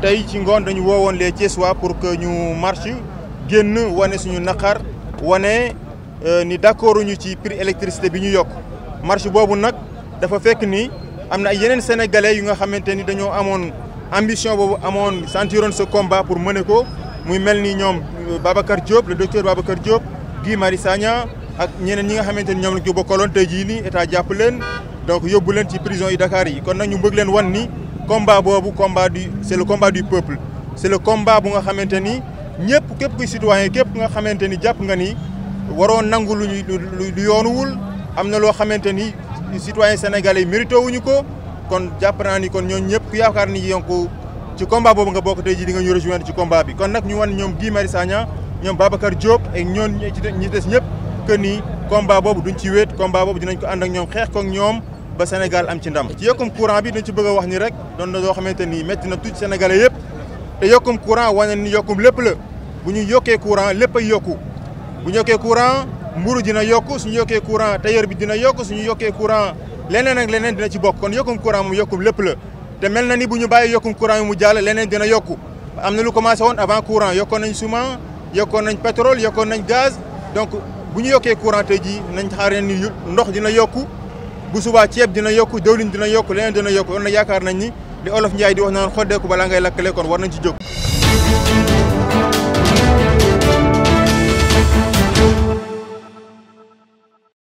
tay ci ngoon dañu woowoon les tieswa pour que ñu marche genn wane suñu nakar wane euh, ni d'accord ñu ci prix électricité bi ñu yok marche bobu nak dafa fekk ni amna ay yenen sénégalais yu nga xamanteni ni dañoo ambition bobu amone sentiroon ce combat pour mener ko muy melni ñom euh, Babacar Diop le docteur Babacar Diop Guy Marius Sagna ak ñeneen ñi nga xamanteni ñom la ci bokkolon tay ji ni état japp leen donc yobul leen ci prison yi Dakar yi kon nak ñu bëgg leen wan ni combat combat c'est le combat du peuple c'est le combat bu nga xamanteni ñepp les citoyen nga xamanteni japp nga ni waro avons lu Les citoyens sénégalais xamanteni citoyen sénégalais mérito kon japp nous ni kon ñoon ñepp ni combat bobu nga bok tay ji di nga ñu rejoindre ci combat bi kon nak ñu wan ñom Guy ñom Babacar Diop ñoon ñi des ñepp que ni combat bobu duñ ci combat Nous dinañ ko les ak ko ba Sénégal am ci ndam ci yokkum courant bi dañ ci bëgg a wax ni rek doon na loo xamante ni métti na tuuti sénégalais yëpp te yokkum courant wane ni yokkum lépp la bu ñu yokkee courant lépp ay yokku bu ñu courant mburu dina yokku suñu yokkee courant tailleur bi dina yokku suñu yokkee courant leneen ak leneen dina ci bokk kon yokkum courant moom yokkum lépp la te mel na ni bu ñu bàyyi yokkum courant yi mu jall leneen dina yokku am na lu commencé woon avant courant yokkoon nañ ciment yokkoon nañ pétrole yokkoon nañ gaz donc bu ñu yokkee courant tey jii nañ xaar ni ndox dina yokku bu subaa ceeb dina yokk dëwlin dina yokk leneen dina yokk on na yaakaar nañ ni li olof Njaay di wax naan xoddeeku balaa ngay lakkale kon war nañ ci jóg